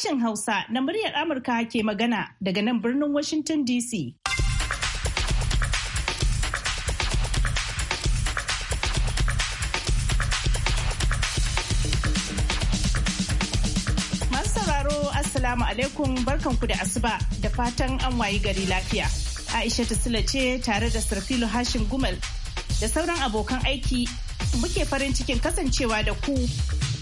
Sashen Hausa na muryar Amurka ke magana daga nan birnin Washington DC. masu sauraro Assalamu alaikum barkanku da asuba da fatan an wayi gari lafiya. Aisha Sula ce tare da Sarfilu Hashim Gumal da sauran abokan aiki muke farin cikin kasancewa da ku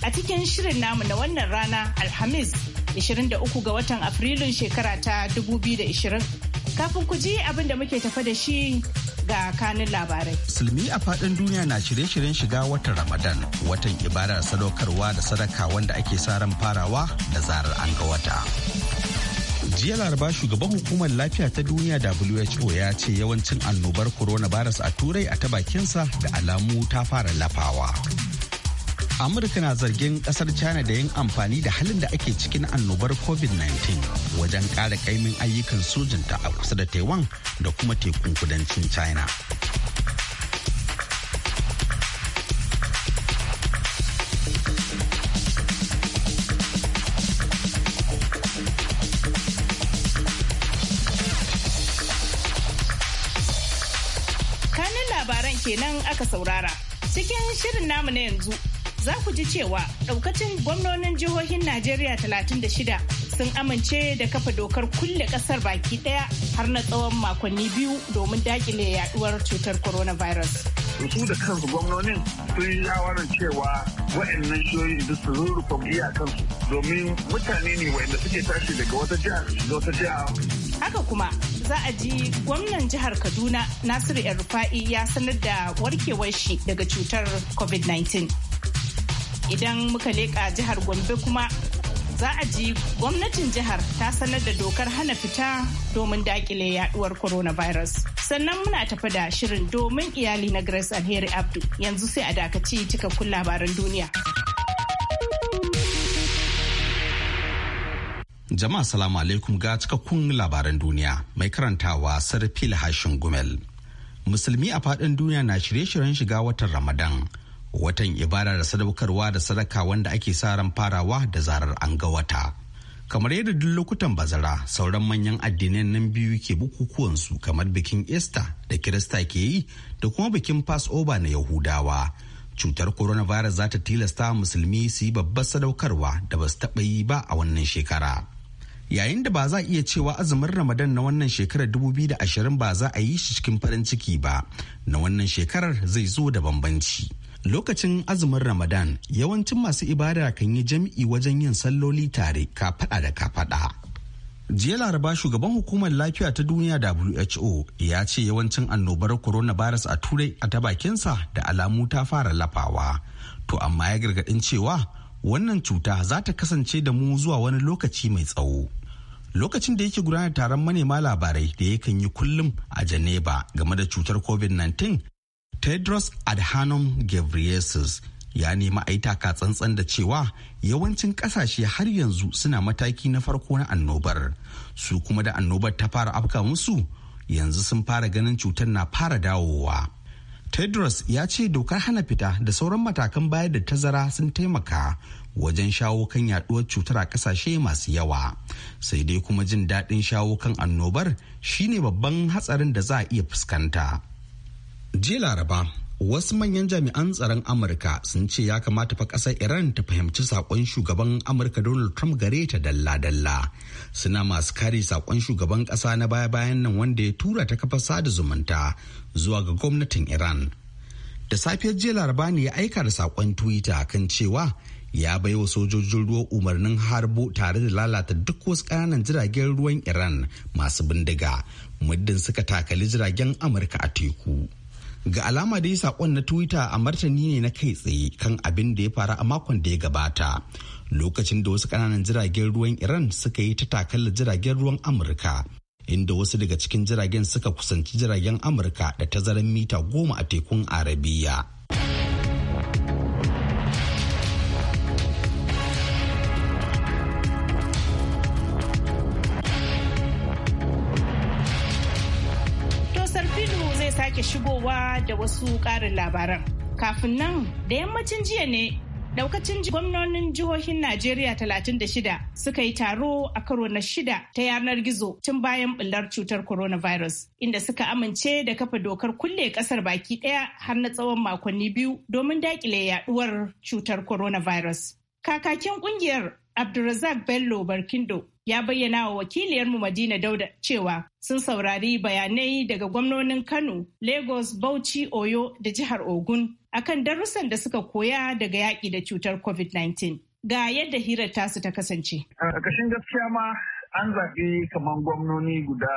a cikin shirin namu na wannan rana Alhamis 23 ga watan Afrilun shekara ta 2020. Kafin ku ji abin da muke tafa da shi ga kanin labarai. Musulmi a faɗin duniya na shirye-shiryen shiga watan Ramadan, watan ibadar sadaukarwa da sadaka wanda ake sa ran farawa da zarar an ga wata. jiya laraba shugaban hukumar lafiya ta duniya who ya ce yawancin annobar coronavirus a turai a ta bakinsa da alamu ta fara lafawa. amurka na zargin kasar china da yin amfani da halin da ake cikin annobar covid-19 wajen ƙara kaimin ayyukan sojinta a kusa da taiwan da kuma tekun kudancin china kanin labaran kenan aka saurara cikin shirin namu na yanzu za ku ji cewa daukacin gwamnonin jihohin Najeriya 36 sun amince da kafa dokar kulle kasar baki daya har na tsawon makonni biyu domin dakile yaduwar cutar coronavirus. su da kansu gwamnonin sun yi shawarar cewa wa'annan shiyoyin da su a kansu domin mutane ne wa'anda suke tashi daga wata jihar. da wata jihar. Haka kuma za a ji gwamnan jihar Kaduna Nasiru Rufa'i ya sanar da warkewar shi daga cutar COVID-19. idan muka leƙa jihar gombe kuma za a ji gwamnatin jihar ta sanar da dokar hana fita domin dakile yaduwar coronavirus sannan muna tafi da shirin domin iyali na grace alheri abdu yanzu sai a dakaci cikakkun labaran duniya jama'a salamu alaikum ga cikakkun labaran duniya mai karantawa sarfil hashin gumel musulmi a faɗin duniya na shirye-shiryen shiga watan ramadan watan ibada da sadaukarwa da sadaka wanda ake sa ran farawa da zarar an ga wata kamar yadda duk lokutan bazara sauran manyan addinai nan biyu ke bukukuwansu kamar bikin easter da kirista ke yi da kuma bikin passover na yahudawa cutar coronavirus za ta tilasta musulmi su yi babbar sadaukarwa da ba su taɓa yi ba a wannan shekara yayin da ba za a iya cewa azumin ramadan na wannan shekarar 2020 ba za a yi shi cikin farin ciki ba na wannan shekarar zai zo da bambanci Lokacin azumin Ramadan yawancin masu ibada kan yi jami'i wajen yin salloli tare ka kafaɗa da kafaɗa. Jiya Laraba shugaban hukumar lafiya ta duniya WHO ya ce yawancin annobar coronavirus a turai a ta bakinsa da alamu ta fara lafawa. To amma ya gargaɗin cewa wannan cuta za ta kasance da mu zuwa wani lokaci mai tsawo. lokacin da yake gudanar taron manema labarai da yakan yi kullum a Geneva game da cutar COVID-19 tedros adhanom ghebreyesus ya nemi a yi tsantsan da cewa yawancin kasashe har yanzu suna mataki na farko na annobar su kuma da annobar ta fara afka musu yanzu sun fara ganin cutar na fara dawowa tedros ya ce dokar hana fita da sauran matakan bayar da tazara sun taimaka wajen shawo kan yaduwar cutar a kasashe masu yawa sai dai kuma jin daɗin shawo kan annobar shine babban hatsarin da za a iya fuskanta jiya laraba wasu manyan jami'an tsaron amurka sun ce ya kamata fa ƙasar iran ta fahimci saƙon shugaban amurka donald trump gare ta dalla-dalla suna masu kare saƙon shugaban ƙasa na baya-bayan nan wanda ya tura ta kafa sada zumunta zuwa ga gwamnatin iran da safiyar jiya laraba ne ya aika da sakon twitter kan cewa ya bai wa sojojin ruwa umarnin harbo tare da lalata duk wasu ƙananan jiragen ruwan iran masu bindiga muddin suka takali jiragen amurka a teku ga alama dai sakon na twitter a martani ne na kai tsaye kan abin da ya faru a makon da ya gabata lokacin da wasu ƙananan jiragen ruwan iran suka yi ta takalla jiragen ruwan amurka inda wasu daga cikin jiragen suka kusanci jiragen amurka da tazarar mita goma a tekun arabiya sake shigowa da wasu ƙarin labaran. Kafin nan da yammacin jiya ne daukacin gwamnonin jihohin Najeriya 36 suka yi taro a karo na shida ta yanar gizo tun bayan bullar cutar coronavirus inda suka amince da kafa dokar kulle kasar baki daya har na tsawon makonni biyu domin dakile yaduwar cutar coronavirus. Kakakin kungiyar Abdulrazak Bello Barkindo ya bayyana wa wakiliyarmu Madina Dauda cewa sun saurari bayanai daga gwamnonin Kano, Lagos, Bauchi, Oyo da jihar Ogun akan darussan da suka koya daga yaƙi da cutar COVID-19. Ga yadda hirar tasu ta kasance. A ƙashin gaskiya ma an zaɓi kamar gwamnoni guda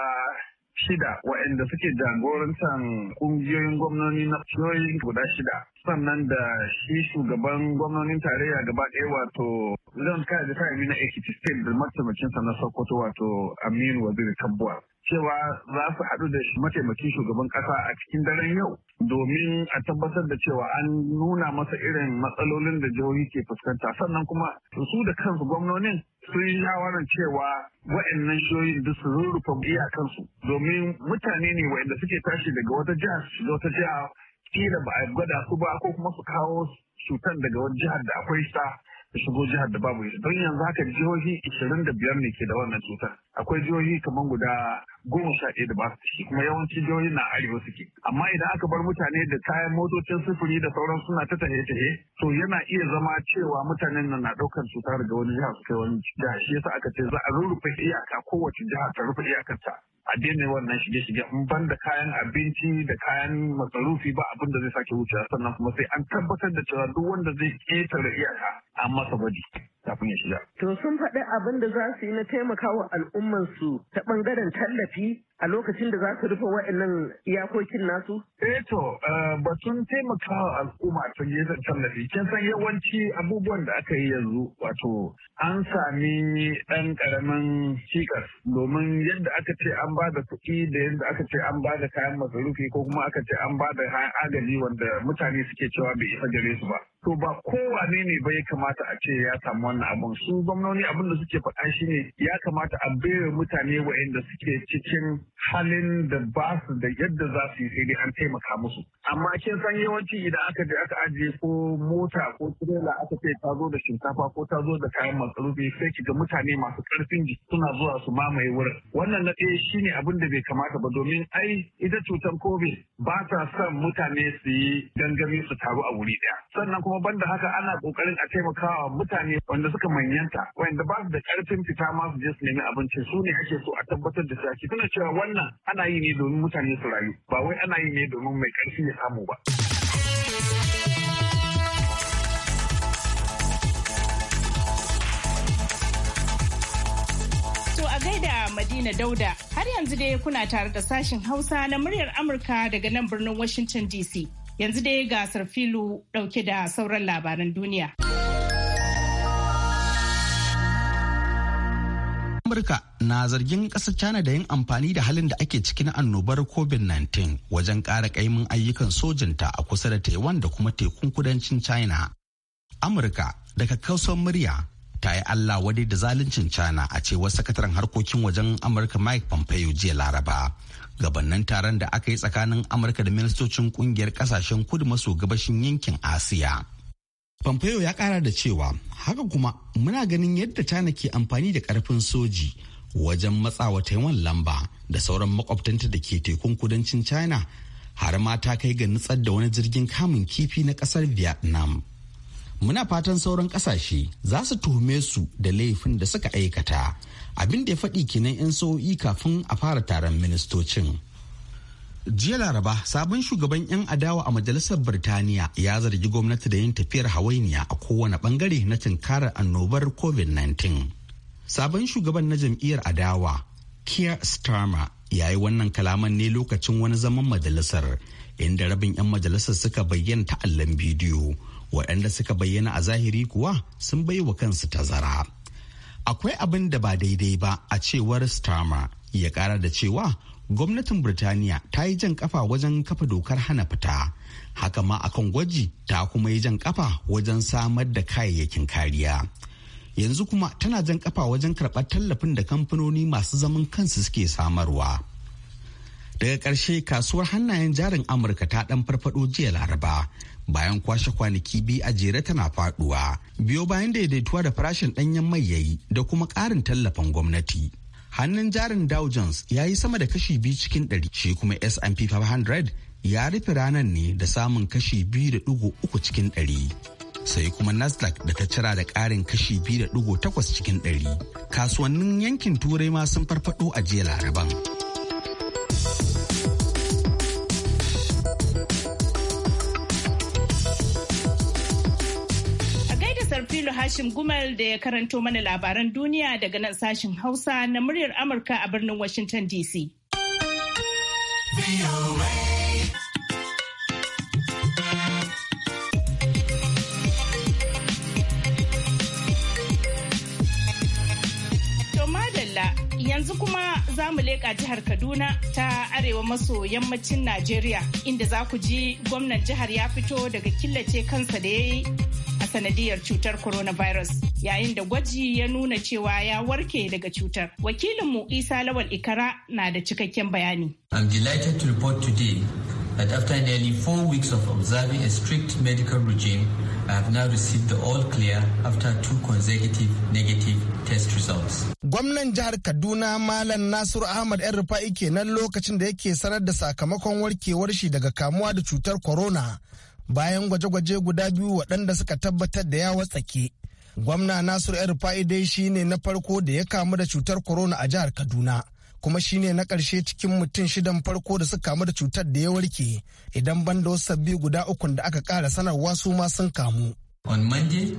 shida waɗanda suke jagorantar ƙungiyoyin gwamnoni na shiyoyin guda shida sannan da shi shugaban gwamnonin tarayya gaba ɗaya wato zan kai da kai na ekiti state da mataimakinsa na sokoto wato aminu wazir kabuwa cewa za su haɗu da mataimakin shugaban ƙasa a cikin daren yau domin a tabbatar da cewa an nuna masa irin matsalolin da jihohi ke fuskanta sannan kuma su da kansu gwamnonin sun yi shawarar cewa wa'annan shiyoyin duk su rurrufa iyakansu domin mutane ne wa'anda suke tashi daga wata jiha da wata jiha kila ba a gwada su ba ko kuma su kawo cutan daga wani jihar da akwai sa shigo jihar da babu ita don yanzu haka jihohi ishirin da biyar ne ke da wannan cutar akwai jihohi kamar guda goma sha ɗaya da ba su ciki kuma yawanci jihohi na arewa suke amma idan aka bar mutane da kayan motocin sufuri da sauran suna ta tahe-tahe to yana iya zama cewa mutanen nan na ɗaukar cuta daga wani jiha su kai wani jiha shi yasa aka ce za a rurrufe iyaka kowace jiha ta rufe iyakarta a daina wannan shige-shige in ban da kayan abinci da kayan masarufi ba abin da zai sake wucewa sannan kuma sai an tabbatar da cewa duk wanda zai ƙetare iyaka an masa gwaji kafin ya shiga. To sun faɗi abin da za su yi na taimakawa al'ummarsu ta ɓangaren tallafi a lokacin da za su rufe waɗannan iyakokin nasu? Eh to eh, batun taimakawa al'umma ta gefen tallafi kin san yawanci abubuwan da aka yi yanzu wato an sami ɗan ƙaramin cikas domin yadda aka ce an ba da kuɗi da yadda aka ce an ba da kayan masarufi ko kuma aka ce an ba da agaji wanda mutane suke cewa bai isa gare su ba. To ba kowane ne ba ya kamata a ce ya samu wannan abun su gwamnoni abin da suke faɗa shine ya kamata a bere mutane waɗanda suke cikin halin da ba su da yadda za su yi sai dai an taimaka musu amma kin san yawanci idan aka je aka ajiye ko mota ko tirela aka ce ta zo da shinkafa ko ta zo da kayan masarufi sai ki ga mutane masu karfin jiki suna zuwa su mamaye wurin wannan na ɗaya shine abin da bai kamata ba domin ai ita cutar covid ba ta son mutane su yi dangane su taru a wuri ɗaya sannan kuma banda haka ana ƙoƙarin a taimaka taimakawa mutane wanda suka manyanta wanda ba su da karfin fita ma su je su nemi abinci su ne ake so a tabbatar da saki tana cewa wannan ana yi ne domin mutane su rayu ba wai ana yi ne domin mai karfi ya samu ba. gaida Madina Dauda. Har yanzu dai kuna tare da sashin Hausa na muryar Amurka daga nan birnin Washington DC. Yanzu dai gasar filu dauke da sauran labaran duniya. Amurka na zargin ƙasar China da yin amfani da halin da ake ciki na annobar COVID-19 wajen ƙara ƙaimin ayyukan sojinta a kusa da Taiwan da kuma tekun kudancin China. Amurka daga kausar murya ta yi Allah wadai da zaluncin China a cewar sakataren harkokin wajen Amurka Mike Pompeo jiya Laraba. Gabannin taron da aka yi tsakanin Amurka da ministocin kungiyar kasashen kudu maso gabashin yankin Asiya. Pompeo ya kara da cewa haka kuma muna ganin yadda China ke amfani da karfin soji wajen matsawa Taiwan lamba da sauran makwabtanta da ke tekun kudancin China har ma ta kai ga nutsar da wani jirgin kamun kifi na kasar Vietnam. Muna fatan sauran kasashe za su tuhume su da laifin da suka aikata abin da ya faɗi kinan 'yan sa'o'i kafin a fara taron ministocin. jiya laraba sabon shugaban 'yan adawa a majalisar birtaniya ya zargi gwamnati da yin tafiyar hawainiya a kowane bangare na tunkarar annobar covid-19 sabon shugaban na jam'iyyar adawa Keir starmer ya yi wannan kalaman ne lokacin wani zaman majalisar inda rabin 'yan majalisar suka bayyana ta ta'allan bidiyo waɗanda suka bayyana a zahiri kuwa sun bai wa kansu tazara akwai abin da ba daidai ba a cewar starmer ya kara da cewa gwamnatin Birtaniya ta yi jan kafa wajen kafa dokar hana fita. Haka ma akan gwaji ta kuma yi jan kafa wajen samar da kayayyakin kariya. Yanzu kuma tana jan kafa wajen karɓar tallafin da kamfanoni masu zaman kansu suke samarwa. Daga ƙarshe kasuwar hannayen jarin Amurka ta ɗan farfaɗo jiya Laraba bayan kwashe kwanaki biyu a jere tana faɗuwa biyo bayan daidaituwa da farashin ɗanyen mai yayi da kuma ƙarin tallafin gwamnati. hannun jarin dow jones ya yi sama da kashi biyu cikin ɗari shi kuma s&p 500 ya rufe ranar ne da samun kashi biyu da ɗigo uku cikin ɗari sai kuma nasdaq da ta cira da ƙarin kashi biyu da ɗigo takwas cikin ɗari kasuwannin yankin turai ma sun farfaɗo a jiya laraban. Hashim Gumal da ya karanto mana labaran duniya daga nan sashin Hausa na muryar Amurka a birnin Washington DC. yanzu kuma za mu leƙa jihar Kaduna ta arewa maso yammacin Najeriya inda za ku ji gwamnan jihar ya fito daga killace kansa da ya yi sanadiyar cutar coronavirus yayin da gwaji ya nuna cewa ya warke daga cutar. Wakilinmu Isa Lawal Ikara na da cikakken bayani. I'm delighted to report today that after nearly four weeks of observing a strict medical regime, I have now received the all clear after two consecutive negative test results. Gwamnan jihar Kaduna Malam Nasiru Ahmad ‘yan rufa'i kenan lokacin da yake sanar da sakamakon warkewar shi daga kamuwa da cutar corona bayan gwaje-gwaje guda biyu waɗanda suka tabbatar da ya watsake gwamna nasiru yar fa'idai shine na farko da ya kamu da cutar corona a jihar kaduna kuma shine na ƙarshe cikin mutum shidan farko da suka kamu da cutar da ya warke idan banda wasu sabbi guda ukun da aka ƙara sanarwa su ma sun kamu On Monday,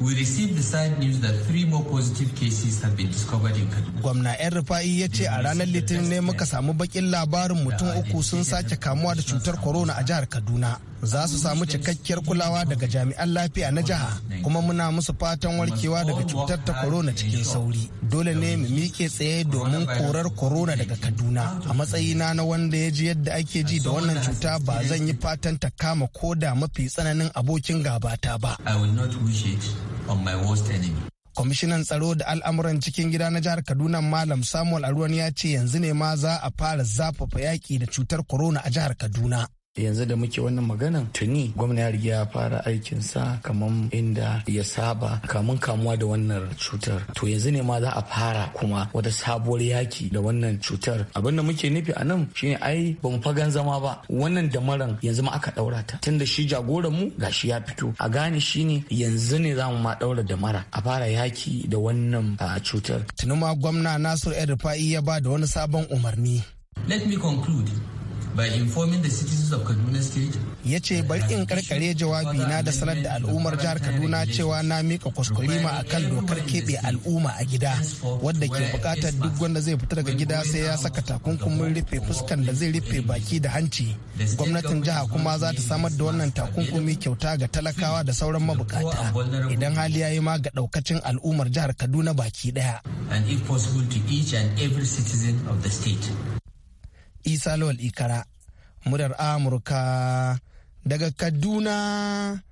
We received the sad news that three more positive cases have been discovered in Kaduna. Gwamna 'yan rufa'i ya ce a ranar Litinin ne muka samu bakin labarin mutum uku sun sake kamuwa da cutar corona a jihar Kaduna. Za su samu cikakkiyar kulawa daga jami'an lafiya na jiha kuma muna musu fatan warkewa daga cutar ta corona cikin sauri. Dole ne mu miƙe tsaye domin korar corona daga Kaduna. A matsayina na wanda ya ji yadda ake ji da wannan cuta ba zan yi fatan ta kama ko da mafi tsananin abokin gabata ba. I will not wish it on my worst enemy. kwamishinan tsaro da al'amuran cikin gida na jihar kaduna malam samuel aruwan ya ce yanzu ne ma za a fara zafafa yaƙi da cutar corona a jihar kaduna yanzu da muke wannan maganan tuni gwamna ya riga ya fara aikinsa kamar inda ya saba kamun kamuwa da wannan cutar to yanzu ne ma za a fara kuma wata sabuwar yaki da wannan cutar abin da muke nufi a nan shine ai ba mu fagan zama ba wannan damaran yanzu ma aka daura ta tunda shi jagoran mu gashi ya fito a gane shine yanzu ne za mu ma daura damara a fara yaki da wannan cutar tuni ma gwamna Nasiru El ya ba da wani sabon umarni let me conclude by informing the citizens of Kaduna State. Ya ce bari in karkare jawabi na da sanar da al'ummar jihar Kaduna cewa na mika kuskurima a kan dokar keɓe al'umma a gida wadda ke buƙatar duk wanda zai fita daga gida sai ya saka takunkumin rufe fuskan da zai rufe baki da hanci. Gwamnatin jiha kuma za ta samar da wannan takunkumi kyauta ga talakawa da sauran mabukata idan hali ya yi ma ga ɗaukacin al'ummar jihar Kaduna baki ɗaya. And to each and every of the state. isa lawal ikara muryar amurka daga kaduna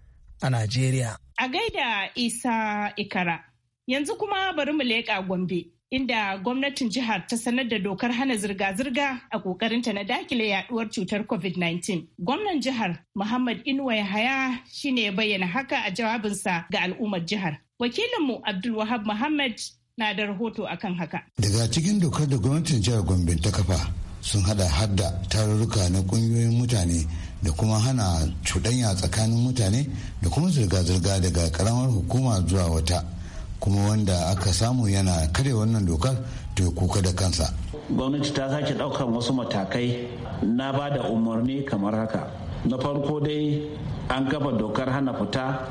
a najeriya a gaida isa ikara yanzu kuma bari mu leƙa gombe inda gwamnatin jihar ta sanar da dokar hana zirga-zirga a ƙoƙarinta na dakile yaduwar cutar covid-19 gwamnan jihar muhammad inuwa yahaya shine ya bayyana haka a jawabinsa ga al'ummar jihar wakilinmu abdulwahab muhammad na da rahoto akan haka daga cikin dokar da gwamnatin jihar gombe ta kafa sun hada hadda tarurruka na kungiyoyin mutane da kuma hana cuɗanya tsakanin mutane da kuma zirga-zirga daga karamar hukuma zuwa wata kuma wanda aka samu yana kare wannan dokar to kuka da kansa gwamnati ta sake ɗaukar wasu matakai na ba da umarni kamar haka na farko dai an gaba dokar hana fita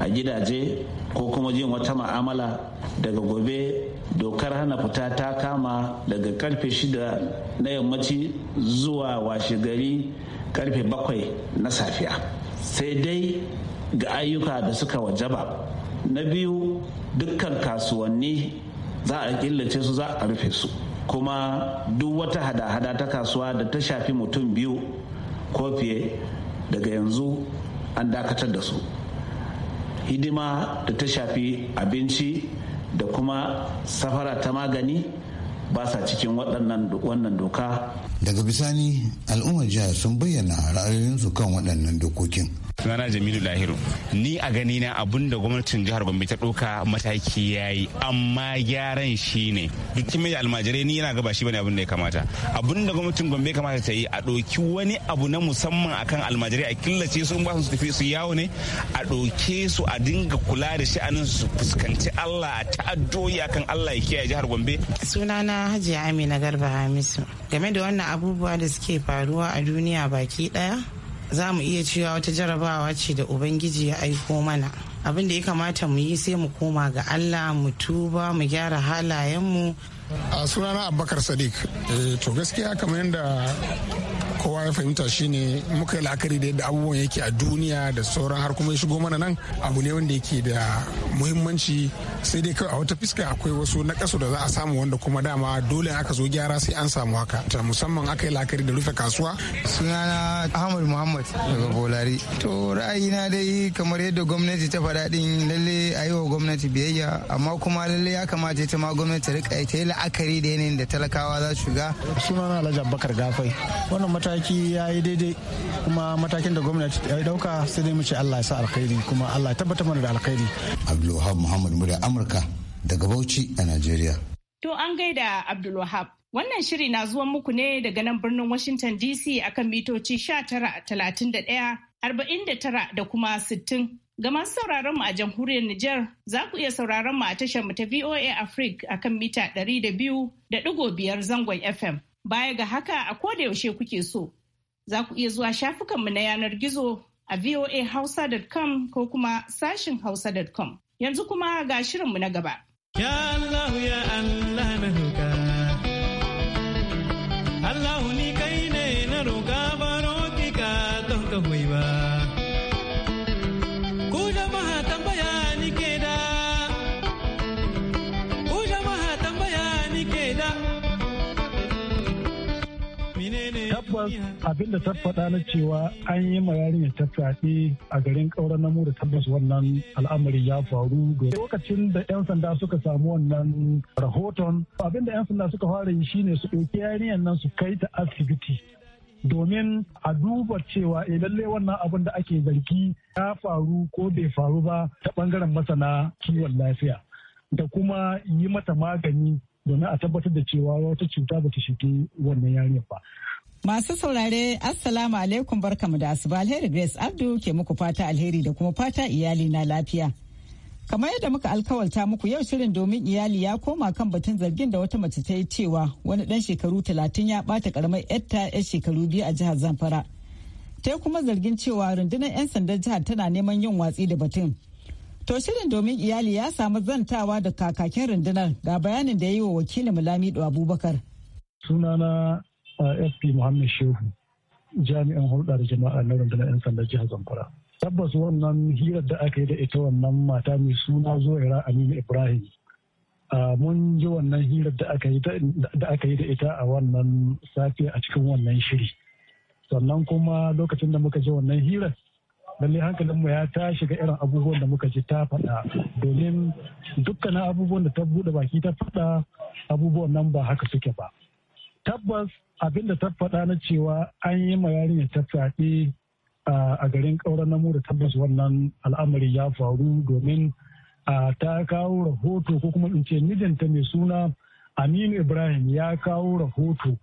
a gidaje ko kuma jin wata ma'amala daga gobe dokar hana fita ta kama daga karfe shida na yammaci zuwa washe gari karfe bakwai na safiya sai dai ga ayyuka da suka wajaba na biyu dukkan kasuwanni za a killace su za a rufe su kuma duk wata hada-hada ta kasuwa da ta shafi mutum biyu ko fiye daga yanzu an dakatar da su hidima da ta shafi abinci da kuma safara ta magani ba sa cikin wannan doka daga bisani al'ummar jihar sun bayyana ra'ayoyinsu kan waɗannan dokokin sunana jamilu lahiru ni a ganina na abun da gwamnatin jihar gombe ta ɗauka mataki ya yi amma gyaran shi ne dukkan mai almajirai ni yana gaba shi bane abin da ya kamata abun da gwamnatin gombe kamata ta yi a ɗauki wani abu na musamman akan almajirai a killace su ba su tafi su yawo ne a ɗauke su a dinga kula da sha'anin su fuskanci allah a ta'addoyi akan allah ya kiyaye jihar gombe sunana hajiya amina garba hamisu game da wannan abubuwa da suke faruwa a duniya baki daya za mu iya cewa wata jarabawa ce da ubangiji ya aiko mana abin da ya kamata mu yi sai mu koma ga allah mu tuba mu gyara halayenmu a sunana abubakar sadiq eh, to gaskiya kamar yadda kowa ya fahimta shine muka yi la'akari da yadda abubuwan yake a duniya da sauran har kuma ya shigo mana nan abu ne wanda yake da muhimmanci sai dai kawai a wata fiska akwai wasu na kasu da za a samu wanda kuma dama dole aka zo gyara sai an samu haka ta musamman aka yi la'akari da rufe kasuwa sunana ahmad muhammad daga bolari to ra'ayina dai kamar yadda gwamnati ta faɗa din lalle a yi wa gwamnati biyayya amma kuma lalle ya kamata ita ma gwamnati ta rika ita la'akari da yanayin da talakawa za su shiga na alhaji abubakar gafai wannan mataki ya yi daidai kuma matakin da gwamnati ya dauka sai dai mu ce allah ya sa alkhairi kuma allah ya tabbatar mana da alkhairi abdulwahab muhammad murya amurka daga bauchi a najeriya to an gaida abdulwahab Wannan shiri na zuwan muku ne daga nan birnin Washington DC akan mitoci 19, 31, 49 da kuma 60. Ga masu sauraron mu a jamhuriyar Nijar za ku iya sauraron mu a tashar mu ta VOA Africa akan mita ɗari da da biyu biyar zangon FM. Baya ga haka a koda yaushe kuke so za ku iya zuwa shafukan mu na yanar gizo a voahausa.com ko kuma sashin hausa.com. Yanzu kuma ga shirin mu na gaba. Ya Allah ya Allah na roƙa. Allah ni kai ne na roƙa baro ki ka don ka huiba. tabbas abin da ta faɗa na cewa an yi ma yarinya ta fyaɗe a garin na namu da tabbas wannan al'amari ya faru lokacin da 'yan sanda suka samu wannan rahoton abin da 'yan sanda suka fara yi shine su ɗauki yarinyar nan su kai ta asibiti domin a duba cewa e lalle wannan abin da ake zargi ya faru ko bai faru ba ta bangaren masana kiwon lafiya da kuma yi mata magani domin a tabbatar da cewa wata cuta ba ta shige wannan yarinyar ba Masu saurare Assalamu alaikum barkamu da asuba alheri Grace Abdu ke muku fata alheri da kuma fata iyali na lafiya. Kamar yadda muka alkawalta muku yau shirin domin iyali ya koma kan batun zargin da wata mace ta yi cewa wani dan shekaru talatin ya bata karamar yarta yar shekaru biyu a jihar Zamfara. Ta kuma zargin cewa rundunar 'yan sandan jihar tana neman yin watsi da batun. To shirin domin iyali ya samu zantawa da kakakin rundunar ga bayanin da ya yi wa wakilin Mulamido Abubakar. Sunana Uh, sp muhammad shehu jami'an hulɗa da jama'a na rundunar 'yan sanda jihar zamfara tabbas wannan hirar da aka yi da ita wannan mata mai suna zuwaira aminu ibrahim uh, mun ji wannan hirar da aka yi da ita a wannan safe a cikin wannan shiri sannan kuma lokacin da muka ji wannan hirar lalle mu ya ta shiga irin abubuwan da muka ji ta faɗa domin dukkanin abubuwan da ta buɗe baki ta faɗa abubuwan nan ba haka suke ba tabbas abin da ta faɗa na cewa an yi ma yarinya ta fyaɗe a garin na mu da tabbas wannan al'amari ya faru domin ta kawo rahoto ko kuma in ce mijinta mai suna aminu ibrahim ya kawo rahoto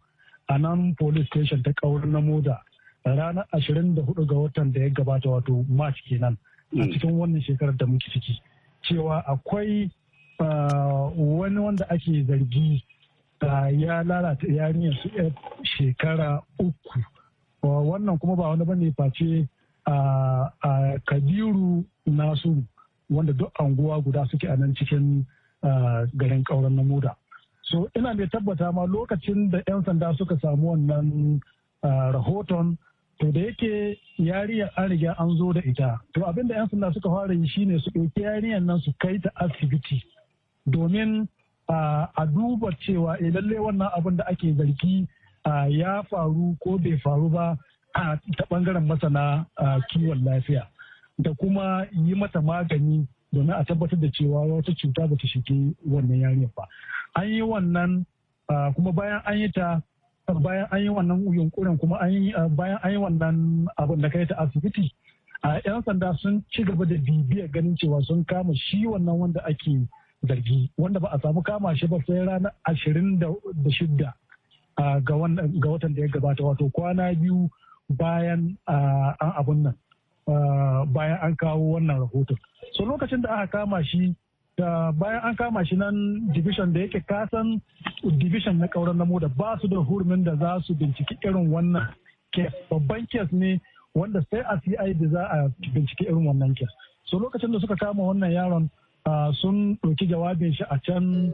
a nan police station ta ƙauren na da ranar 24 ga watan da ya gabata wato march kenan a mm. cikin wannan shekarar da muke ciki cewa akwai wani wanda ake zargi ya lalata yarinyar su shekara uku wannan kuma ba wani bane face a kabiru nasu wanda duk anguwa guda suke a nan cikin garin kauran muda so ina mai tabbata ma lokacin da 'yan sanda suka samu wannan rahoton to da yake yariyar an riga an zo da ita to abinda 'yan sanda suka fara yi shine su ɗauki yariyar nan su kai ta asibiti domin a duba cewa eh, lallai wannan abin da ake zargi ya faru ko bai faru ba ta bangaren masana kiwon lafiya da kuma yi mata magani domin a tabbatar da cewa wata cuta ba ta shige wannan yarinyar ba an yi wannan kuma bayan an yi ta bayan an yi wannan yunkurin kuma bayan an yi wannan abin da kai ta asibiti a 'yan sanda sun ci gaba da bibiyar ganin cewa sun kama shi wannan wanda ake zargi wanda ba a samu kama shi ba sai ranar ashirin da shidda ga watan da ya gabata wato kwana biyu bayan an abun nan bayan an kawo wannan rahoton so lokacin da aka kama shi da bayan an kama shi nan division da yake kasan division na kauran namo da ba su da hurumin da za su binciki irin wannan kes babban kes ne wanda sai a ci da za a binciki irin wannan kes so lokacin da suka kama wannan yaron sun ɗauki jawabin shi a can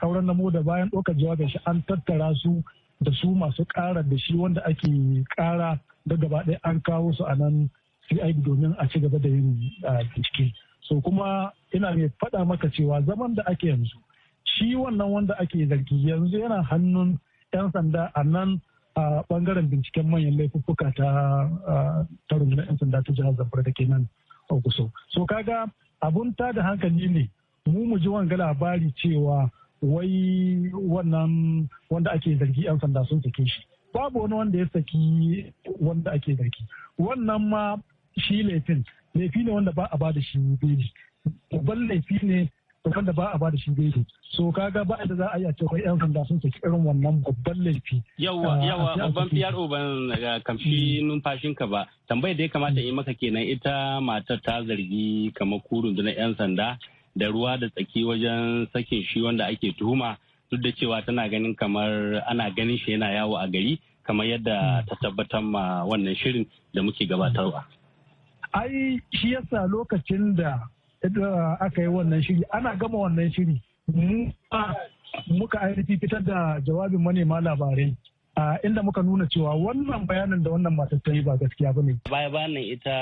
kauran namo da bayan ɗaukar jawabin shi an tattara su da su masu ƙara da shi wanda ake ƙara da gaba ɗaya an kawo su a nan cib domin a ci gaba da yin bincike. So kuma ina mai faɗa maka cewa zaman da ake yanzu shi wannan wanda ake zargi yanzu yana hannun 'yan sanda a nan a bangaren binciken manyan laifuffuka ta rundunar 'yan sanda ta jihar zamfara da ke nan a so kaga abun ta da hankali ne mu mu ji wanga labari cewa wai wannan wanda ake zargi 'yan sanda sun sake shi babu wani wanda ya saki wanda ake zargi wannan ma shi laifin laifi ne wanda ba a ba da shi beli babban laifi ne wanda ba a ba da shi gaido so kaga ba da za a yi a cewa yan sanda sun saki irin wannan babban laifi yawa ah, yawa babban PRO eh, kamfi mm. numfashin ka ba tambayar da ya kamata yi maka kenan ita matar ta zargi kamar kurun na yan sanda da ruwa da tsaki wajen sakin shi wanda ake tuhuma duk da cewa tana ganin kamar ana ganin shi yana yawo a gari kamar yadda mm. ta tabbatar ma wannan shirin da muke gabatarwa ai shi yasa lokacin da aka yi wannan shiri ana gama wannan shiri muka ainihi fitar da jawabin manema labarai inda muka nuna cewa wannan bayanin da wannan matar yi ba gaskiya ba ne. Baya bayanin ita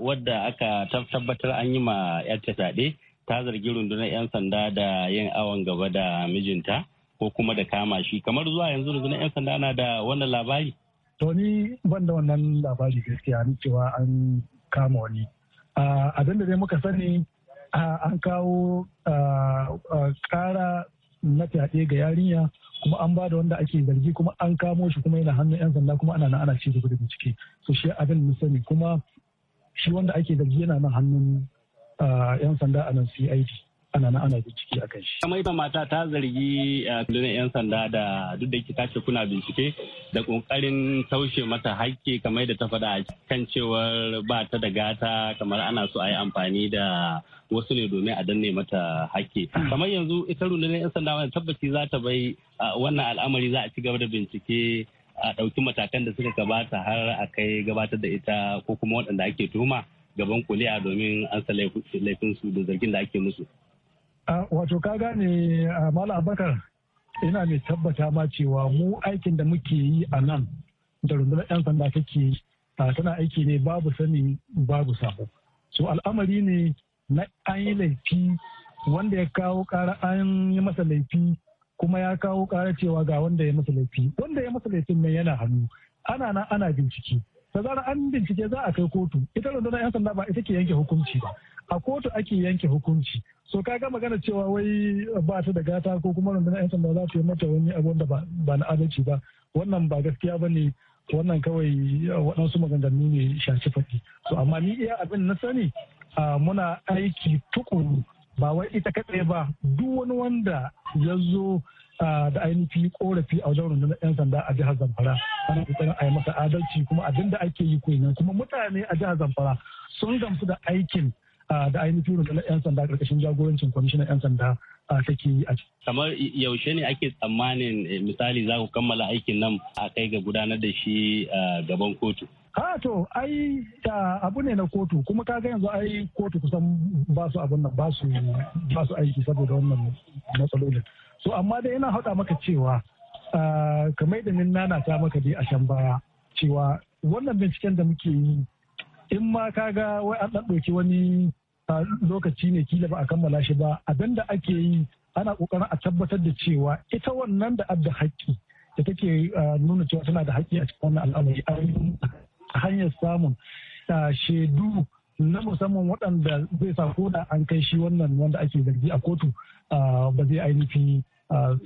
wadda aka tabbatar an yi ma yarta fyaɗe ta zargi rundunar 'yan sanda da yin awon gaba da mijinta ko kuma da kama shi kamar zuwa yanzu rundunar 'yan sanda na da wannan labari. To ni ban da wannan labari gaskiya ni cewa an kama wani. Abin da dai muka sani an kawo kara na fyaɗe ga yarinya kuma an ba da wanda ake zargi kuma an kamo shi kuma yana hannun 'yan sanda kuma ana nan ana ci gaba da bincike so shi abin da sani kuma shi wanda ake zargi yana nan hannun 'yan sanda a nan cid ana na ana bincike a kan shi. Kamar mata ta zargi eh, rundunar 'yan sanda da duk da ta ce kuna bincike da ƙoƙarin taushe mata hakki kamar da ta faɗa kan cewar ba ta da gata kamar ana so a yi amfani da wasu ne domin a danne mata hakki. Kamar yanzu ita rundunar 'yan sanda wani tabbaci za ta bai wannan al'amari za a ci gaba da bincike a ɗauki matakan da suka gabata har a kai gabatar da ita ko kuma waɗanda ake tuhuma gaban kuliya domin an sa laifinsu da zargin da ake musu. wato ka gane mala abakar ina mai tabbata ma cewa mu aikin da muke yi a nan da rundunar 'yan sanda take tana aiki ne babu sani babu sabo so al'amari ne na an yi laifi wanda ya kawo kara an yi masa laifi kuma ya kawo kara cewa ga wanda ya masa laifi wanda ya masa laifin nan yana hannu ana nan ana bincike da an bincike za a kai kotu ita rundunar 'yan sanda ba ita ke yanke hukunci ba a kotu ake yanke hukunci so ka ga magana cewa wai ba ta da gata ko kuma rundunar 'yan sanda za ta yi mata wani abin da ba na adalci ba wannan ba gaskiya ba ne wannan kawai uh, waɗansu maganganu ne shashi faɗi so amma ni iya abin na sani muna aiki tukuru ba wai ita kaɗai ba duk wani wanda ya zo da ainihin korafi a wajen rundunar 'yan sanda a jihar zamfara ana kokarin a yi masa adalci kuma abin da ake yi kenan kuma mutane a jihar zamfara sun gamsu da aikin da ainihin rundunar 'yan sanda karkashin jagorancin kwamishinan 'yan sanda take a kamar yaushe ne ake tsammanin eh, misali za ku kammala aikin nan a kai ga gudanar da shi gaban kotu ha to ai abu ne na kotu kuma ka ga yanzu ai kotu kusan ba su abun nan ba su aiki saboda wannan matsalolin so amma dai yana haɗa maka cewa kamar da nana ta maka dai a can baya cewa wannan binciken da muke yi in ma ka ga wai an ɗauki wani ah, lokaci ne kila ba a kammala shi ba abin da ake yi ana ƙoƙarin a tabbatar da cewa ita wannan da adda haƙƙi da take ah, nuna cewa tana da haƙƙi a cikin wannan al'amari a hanyar samun ah, shaidu na musamman waɗanda zai sa ko da an kai shi wannan wanda ake zargi a kotu ba zai ainihin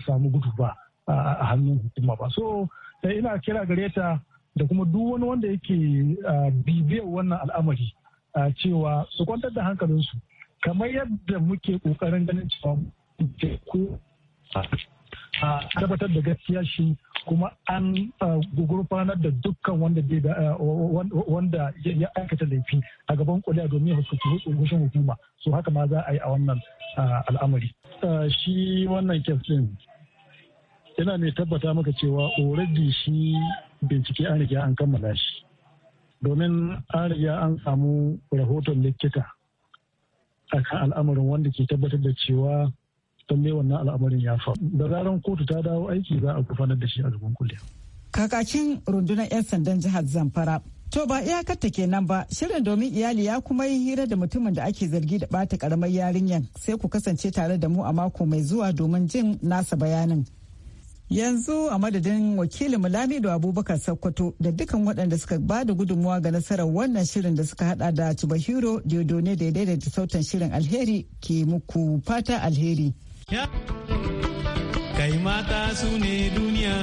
samu gudu ba a hannun hukuma ba so eh, ina kira gare ta da kuma duk wani wanda yake bibiyar wannan al'amari cewa su kwantar da hankalinsu kamar yadda muke kokarin ganin cewa ko a tabbatar da gaskiya shi kuma an gurfanar da dukkan wanda ya aikata laifi a gaban kuliya domin hukuncin hukuma su haka ma za a yi a wannan al'amari shi wannan kyaftin yana ne tabbata maka cewa already shi bincike an riga an kammala shi domin an riga an samu rahoton likita a kan al'amarin wanda ke tabbatar da cewa lallai wannan al'amarin ya faru da zaran kotu ta dawo aiki za a gufanar da shi a gaban kuliya kakakin rundunar 'yan sandan jihar zamfara To ba iyakar ta kenan ba, shirin domin iyali ya kuma yi hira da mutumin da ake zargi da bata karamar yarinyar sai ku kasance tare da mu a mako mai zuwa domin jin nasa bayanin. Yanzu a madadin wakilin da Abubakar Sokoto da dukkan waɗanda suka ba da gudunmuwa ga nasarar wannan shirin da suka hada da Chibahiro Diodone da daidaita sautan shirin alheri ke muku fata alheri. Kai mata su ne duniya,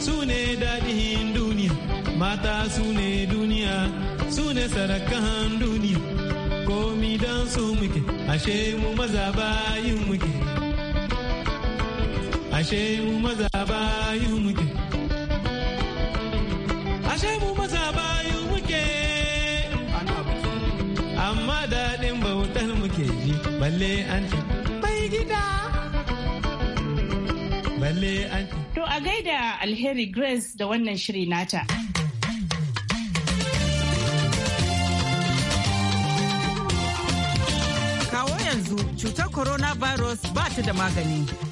su ne daɗin duniya, mata su ne duniya, su ne sarakan duniya, komi don su muke, ashe mu maza bayin muke. ashe mu maza bayu muke daɗin bautar ji to a gaida alheri grace da wannan shiri nata kawo yanzu cutar coronavirus ba ta da magani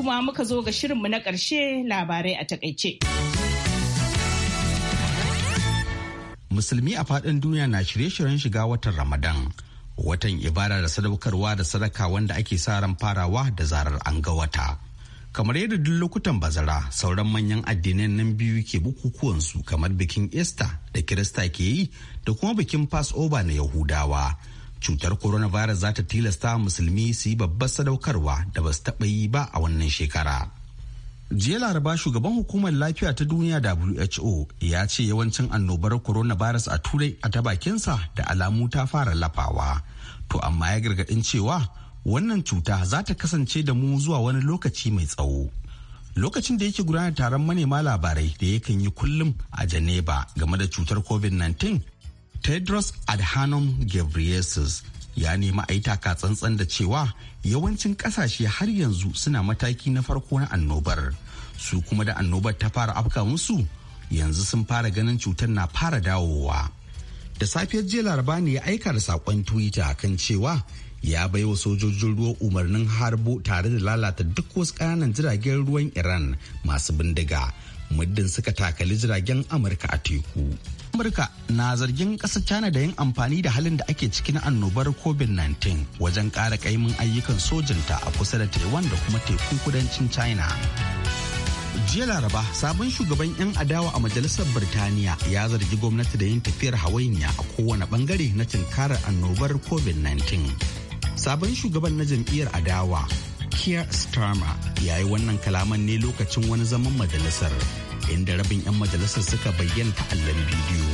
kuma muka zo ga shirinmu na ƙarshe labarai a takaice. Musulmi a faɗin duniya na shirye-shiryen shiga watan Ramadan, watan ibada da sadaukarwa da sadaka wanda ake sa ran farawa da zarar an ga wata. Kamar yadda duk lokutan bazara, sauran manyan addinan nan biyu ke bukukuwansu kamar bikin Easter da Kirista ke yi da kuma bikin Passover na Yahudawa. cutar Corona coronavirus za ta tilasta musulmi su yi babbar sadaukarwa da ba su taɓa yi ba a wannan shekara. jiya laraba shugaban hukumar lafiya ta duniya who ya ce yawancin annobar coronavirus a turai a ta bakinsa da alamu ta fara lafawa to amma ya gargadin cewa wannan cuta za ta kasance da mu zuwa wani lokaci mai tsawo lokacin da yake gudanar taron manema labarai da yakan yi kullum a geneva game da cutar covid-19 tedros adhanom ghebreyesus ya nemi a yi tsantsan da cewa yawancin kasashe har yanzu suna mataki na farko na annobar su kuma da annobar ta fara afka musu yanzu sun fara ganin cutar na fara dawowa da safiyar jiya laraba ne ya aika da sakon twitter kan cewa ya bai wa sojojin ruwa umarnin harbo tare da lalata duk wasu ƙananan jiragen ruwan iran masu bindiga muddin suka takali jiragen amurka a teku Amurka na zargin ƙasar China da yin amfani da halin da ake ciki na annobar COVID-19 wajen ƙara ƙaimin ayyukan sojinta a kusa da Taiwan da kuma tekun kudancin China. jiya laraba sabon shugaban 'yan adawa a majalisar birtaniya ya zargi gwamnati da yin tafiyar hawainiya a kowane bangare na tunkarar annobar covid-19 sabon shugaban na jam'iyyar adawa kier starmer ya yi wannan kalaman ne lokacin wani zaman majalisar inda rabin 'yan majalisar suka bayyana ta allon bidiyo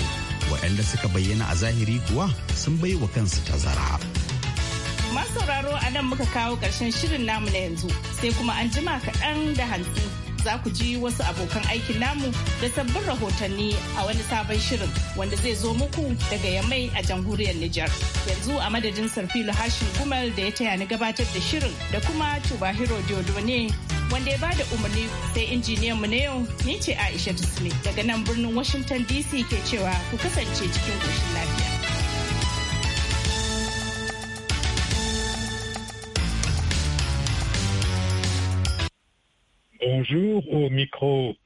waɗanda suka bayyana a zahiri kuwa sun bai wa kansu tazara. masu sauraro a nan muka kawo ƙarshen shirin namu na yanzu sai kuma an jima kaɗan da hantsi za ku ji wasu abokan aikin namu da sabbin rahotanni a wani sabon shirin wanda zai zo muku daga yamai a jamhuriyar Nijar. Yanzu a madadin Sarfilu Hashin Gumal da ya taya ni gabatar da shirin da kuma tuba Tubahiro ne. wanda ya bada umarni sai injiniyan mu na yau ni ce Aisha Tusmi daga nan birnin Washington DC ke cewa ku kasance cikin koshin lafiya. Bonjour au micro